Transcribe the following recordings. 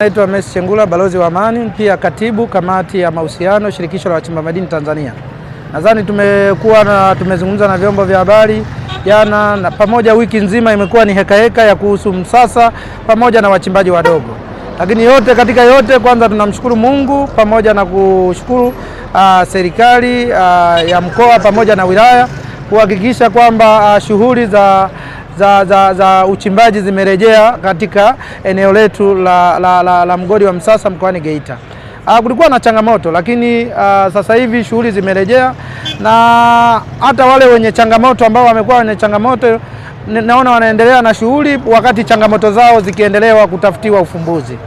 Naitwa Messi Chengula, balozi wa amani, pia katibu kamati ya mahusiano shirikisho la wachimba madini Tanzania. Nadhani tumekuwa na tumezungumza na vyombo vya habari jana na pamoja, wiki nzima imekuwa ni hekaheka ya kuhusu msasa pamoja na wachimbaji wadogo, lakini yote katika yote, kwanza tunamshukuru Mungu pamoja na kushukuru uh, serikali uh, ya mkoa pamoja na wilaya kuhakikisha kwamba uh, shughuli za za, za, za uchimbaji zimerejea katika eneo letu la, la, la, la mgodi wa Msasa mkoani Geita. Uh, kulikuwa na changamoto lakini uh, sasa hivi shughuli zimerejea na hata wale wenye changamoto ambao wamekuwa wenye changamoto naona wanaendelea na shughuli wakati changamoto zao zikiendelewa kutafutiwa ufumbuzi,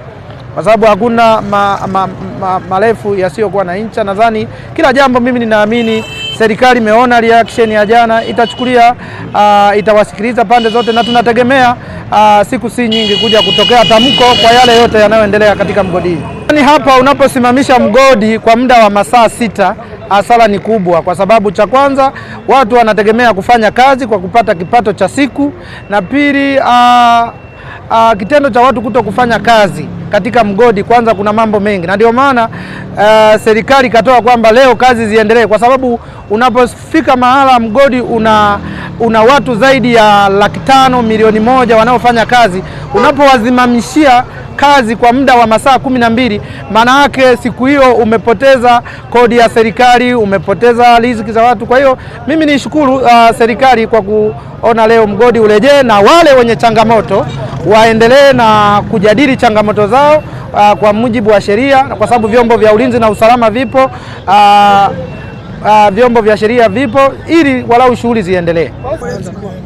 kwa sababu hakuna ma, ma, ma, marefu yasiyokuwa na ncha. Nadhani kila jambo mimi ninaamini serikali imeona reaction ya jana, itachukulia uh, itawasikiliza pande zote na tunategemea uh, siku si nyingi kuja kutokea tamko kwa yale yote yanayoendelea katika mgodi hii. Ni hapa unaposimamisha mgodi kwa muda wa masaa sita hasara ni kubwa, kwa sababu cha kwanza watu wanategemea kufanya kazi kwa kupata kipato cha siku, na pili uh, uh, kitendo cha watu kuto kufanya kazi katika mgodi kwanza, kuna mambo mengi na ndio maana uh, serikali ikatoa kwamba leo kazi ziendelee, kwa sababu unapofika mahala mgodi una una watu zaidi ya laki tano milioni moja wanaofanya kazi, unapowazimamishia kazi kwa muda wa masaa kumi na mbili, maana yake siku hiyo umepoteza kodi ya serikali, umepoteza riziki za watu. Kwa hiyo mimi nishukuru uh, serikali kwa kuona leo mgodi urejee, na wale wenye changamoto waendelee na kujadili changamoto zao uh, kwa mujibu wa sheria, kwa sababu vyombo vya ulinzi na usalama vipo uh, Uh, vyombo vya sheria vipo ili walau shughuli ziendelee.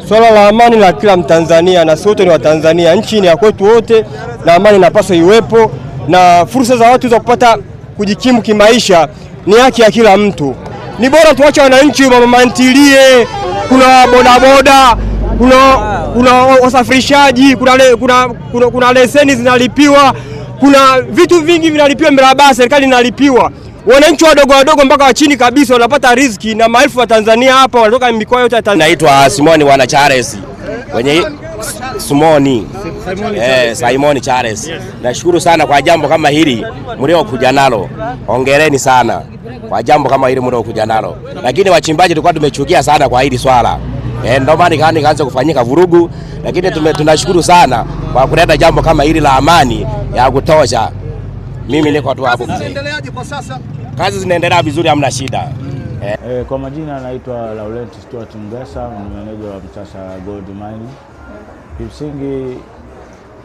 Swala la amani la kila Mtanzania na sote ni Watanzania, nchi ni ya kwetu wote, na amani inapaswa iwepo, na fursa za watu za kupata kujikimu kimaisha ni haki ya kila mtu. Ni bora tuache wananchi mamamantilie, kuna bodaboda, kuna wasafirishaji, kuna leseni zinalipiwa kuna vitu vingi vinalipiwa barabara, serikali inalipiwa, wananchi wadogo wadogo mpaka wa chini kabisa wanapata riziki, na maelfu wa Tanzania hapa wanatoka mikoa yote ya Tanzania. Naitwa Simoni wana Charles wenye Simoni eh, Simoni Charles. Nashukuru sana kwa jambo kama hili mliokuja nalo, ongereni sana kwa jambo kama hili mliokuja nalo, lakini wachimbaji tulikuwa tumechukia sana kwa hili swala eh, ndio maana ikaanza ikaanza kufanyika vurugu, lakini tunashukuru sana kwa kuleta jambo kama hili la amani ya kutosha. Mimi niko tu hapo sasa? Kazi zinaendelea vizuri, hamna shida. Eh. Eh, kwa majina naitwa Laurent Stuart Ngesa, ni meneja wa mtasa Gold Mine. Kimsingi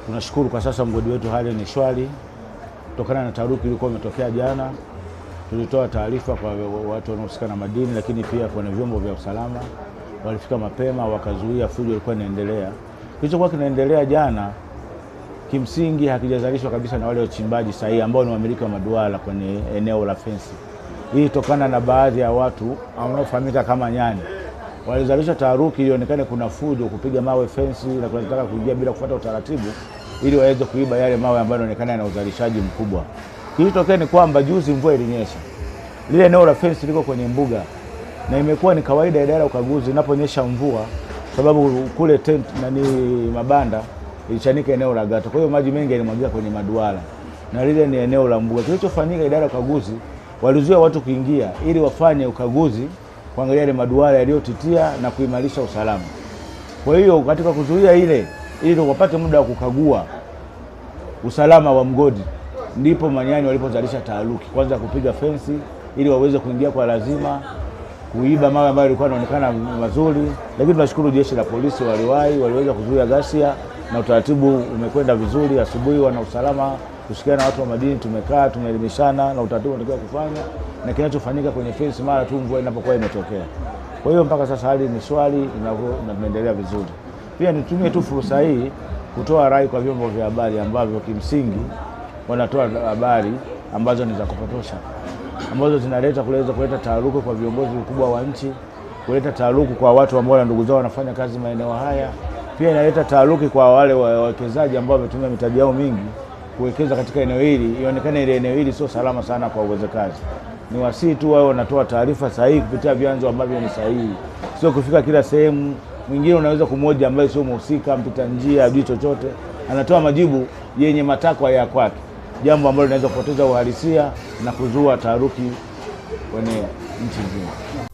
tunashukuru kwa sasa mgodi wetu hali ni shwari kutokana na taharuki iliyokuwa imetokea jana. Tulitoa taarifa kwa watu wanaohusika na madini, lakini pia kwenye vyombo vya usalama walifika mapema wakazuia fujo ilikuwa inaendelea. Kilichokuwa kinaendelea jana kimsingi hakijazalishwa kabisa na wale wachimbaji sahihi ambao ni wamiliki wa maduara kwenye eneo la fensi. Hii tokana na baadhi ya watu wanaofahamika kama nyani walizalisha taharuki ilionekane kuna fujo, kupiga mawe fensi na kunataka kuingia bila kufuata utaratibu, ili waweze kuiba yale mawe ambayo yanaonekana yana uzalishaji mkubwa. Kilichotokea ni kwamba juzi mvua ilinyesha, lile eneo la fensi liko kwenye mbuga na imekuwa ni kawaida idara ya ukaguzi inaponyesha mvua, sababu kule tent nani mabanda ilichanika eneo la gata, kwa hiyo maji mengi yalimwagika kwenye maduara na lile ni eneo la mbuga. Kilichofanyika, idara ya ukaguzi walizuia watu kuingia ili wafanye ukaguzi kuangalia ile maduara yaliyotitia na kuimarisha usalama. Kwa hiyo katika kuzuia ile, ili wapate muda wa kukagua usalama wa mgodi, ndipo manyani walipozalisha taharuki, kwanza kupiga fensi ili waweze kuingia kwa lazima kuiba mawe ambayo yalikuwa yanaonekana mazuri, lakini tunashukuru jeshi la polisi waliwahi, waliweza kuzuia ghasia na utaratibu umekwenda vizuri. Asubuhi wana usalama kusikia na watu wa madini, tumekaa tumeelimishana na utaratibu unatakiwa kufanya na kinachofanyika kwenye fensi mara tu mvua inapokuwa imetokea. Kwa hiyo mpaka sasa hali ni shwari na tunaendelea vizuri. Pia nitumie tu fursa hii kutoa rai kwa vyombo vya habari ambavyo kimsingi wanatoa habari ambazo ni za kupotosha ambazo zinaleta kuweza kuleta taaruku kwa viongozi wakubwa wa nchi, kuleta taaruku kwa watu ambao na ndugu zao wanafanya kazi maeneo haya. Pia inaleta taaruki kwa wale wawekezaji ambao wametumia mitaji yao mingi kuwekeza katika eneo hili, ionekane ile eneo hili sio salama sana kwa uwezekazi Ni wasii tu wao wanatoa taarifa sahihi kupitia vyanzo ambavyo ni sahihi, sio kufika kila sehemu. Mwingine unaweza kumwoja ambaye sio mhusika, mpita njia, ajui chochote, anatoa majibu yenye matakwa ya kwake jambo ambalo linaweza kupoteza uhalisia na kuzua taharuki kwenye nchi nzima.